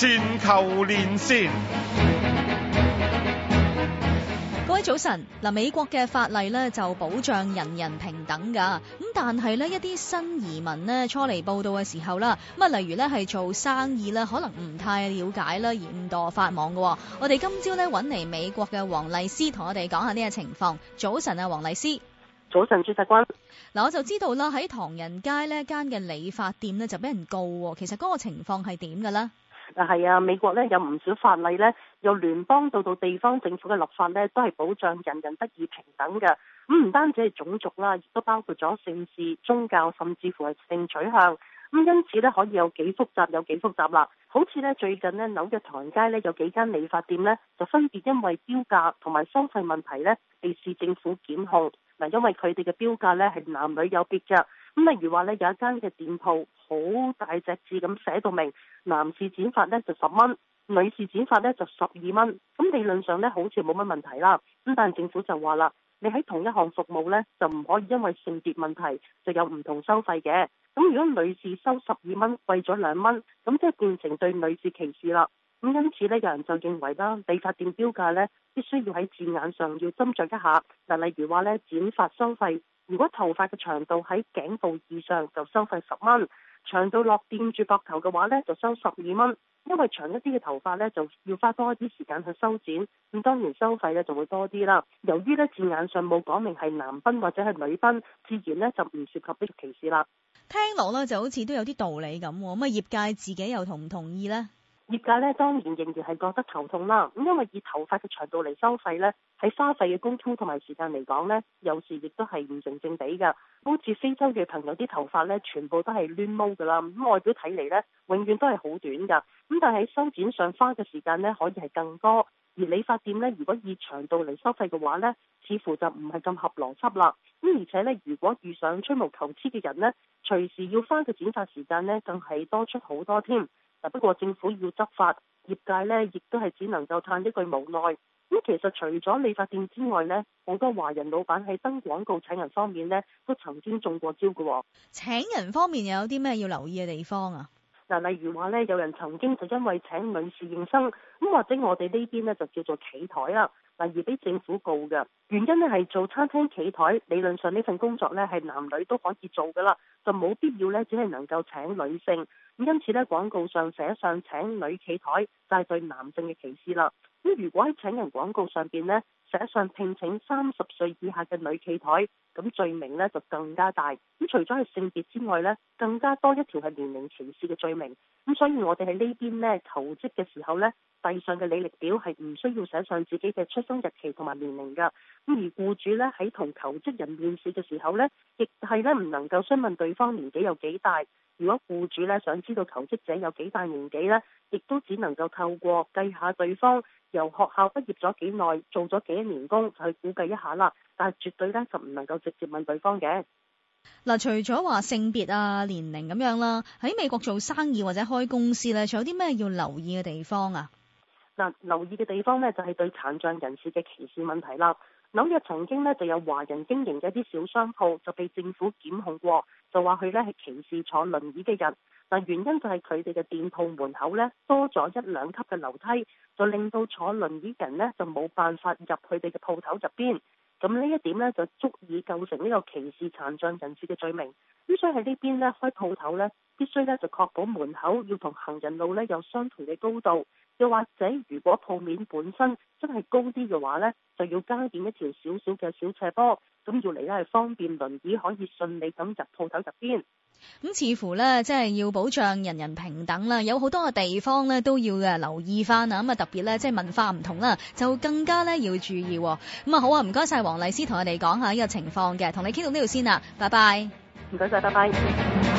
全球連線，各位早晨。嗱，美國嘅法例呢就保障人人平等噶，咁但係呢，一啲新移民呢初嚟埗到嘅時候啦，咁啊，例如呢係做生意咧，可能唔太了解啦，言多法網噶。我哋今朝呢，搵嚟美國嘅黃麗施同我哋講下呢個情況。早晨啊，黃麗施，早晨，朱錫君。嗱，我就知道啦，喺唐人街呢一間嘅理髮店呢，就俾人告，其實嗰個情況係點噶咧啊，係啊，美國咧有唔少法例咧，由聯邦到到地方政府嘅立法咧，都係保障人人得以平等嘅。咁唔單止係種族啦，亦都包括咗性別、宗教，甚至乎係性取向。咁因此咧，可以有幾複雜，有幾複雜啦。好似咧，最近咧紐約唐街咧有幾間理髮店咧，就分別因為標價同埋收費問題咧，被市政府檢控。嗱，因為佢哋嘅標價咧係男女有別嘅。咁例如話咧，有一間嘅店鋪，好大隻字咁寫到明，男士剪髮呢就十蚊，女士剪髮呢就十二蚊。咁理論上呢，好似冇乜問題啦，但係政府就話啦，你喺同一項服務呢，就唔可以因為性別問題就有唔同收費嘅。咁如果女士收十二蚊貴咗兩蚊，咁即係變成對女士歧視啦。咁因此咧，有人就認為啦，理髮店標價咧必須要喺字眼上要斟酌一下。嗱，例如話咧剪髮收費，如果頭髮嘅長度喺頸部以上就收費十蚊，長度落掂住膊頭嘅話咧就收十二蚊，因為長一啲嘅頭髮咧就要花多一啲時間去修剪，咁當然收費咧就會多啲啦。由於咧字眼上冇講明係男賓或者係女賓，自然咧就唔涉及呢個歧視啦。聽落咧就好似都有啲道理咁，咁啊業界自己又同唔同意呢？業界咧當然仍然係覺得頭痛啦，咁、嗯、因為以頭髮嘅長度嚟收費咧，喺花費嘅工通同埋時間嚟講呢，有時亦都係唔成正比㗎。好似非洲嘅朋友啲頭髮呢，全部都係攣毛㗎啦，咁外表睇嚟呢，永遠都係好短㗎。咁但係修剪上花嘅時間呢，可以係更多。而理髮店呢，如果以長度嚟收費嘅話呢，似乎就唔係咁合邏輯啦。咁、嗯、而且呢，如果遇上吹毛求疵嘅人呢，隨時要花嘅剪髮時間呢，更係多出好多添。不過政府要執法，業界咧亦都係只能夠嘆一句無奈。咁其實除咗理髮店之外咧，好多華人老闆喺登廣告請人方面咧，都曾經中過招嘅。請人方面又有啲咩要留意嘅地方啊？嗱，例如話咧，有人曾經就因為請女士應生，咁或者我哋呢邊呢就叫做企台啦，嗱而俾政府告嘅原因呢係做餐廳企台，理論上呢份工作呢係男女都可以做噶啦，就冇必要呢，只係能夠請女性，咁因此呢，廣告上寫上請女企台就係對男性嘅歧視啦。咁如果喺請人廣告上邊呢。實際上聘請三十歲以下嘅女企台，咁罪名咧就更加大。咁除咗係性別之外咧，更加多一條係年齡歧視嘅罪名。咁所以我哋喺呢邊咧求職嘅時候咧，計上嘅履歷表係唔需要寫上自己嘅出生日期同埋年齡噶。咁而僱主咧喺同求職人面試嘅時候咧，亦係咧唔能夠詢問對方年紀有幾大。如果僱主咧想知道求職者有幾大年紀咧，亦都只能夠透過計下對方由學校畢業咗幾耐，做咗幾年工去估計一下啦。但係絕對咧就唔能夠直接問對方嘅。嗱，除咗話性別啊、年齡咁樣啦，喺美國做生意或者開公司咧，仲有啲咩要留意嘅地方啊？留意嘅地方呢，就係對殘障人士嘅歧視問題啦。紐約曾經呢，就有華人經營嘅一啲小商鋪就被政府檢控過，就話佢呢係歧視坐輪椅嘅人。嗱，原因就係佢哋嘅店鋪門口呢，多咗一兩級嘅樓梯，就令到坐輪椅人呢，就冇辦法入佢哋嘅鋪頭入邊。咁呢一點呢，就足以構成呢個歧視殘障人士嘅罪名。咁所以喺呢邊呢，開鋪頭呢。必須咧就確保門口要同行人路咧有相同嘅高度，又或者如果鋪面本身真係高啲嘅話咧，就要加建一條少少嘅小斜坡，咁要嚟咧係方便輪椅可以順利咁入鋪頭入邊。咁似乎咧即係要保障人人平等啦，有好多嘅地方咧都要嘅留意返啊！咁啊特別咧即係文化唔同啦，就更加咧要注意。咁啊好啊，唔該晒。黃麗施同我哋講下呢個情況嘅，同你傾到呢度先啦，拜拜。唔該晒，拜拜。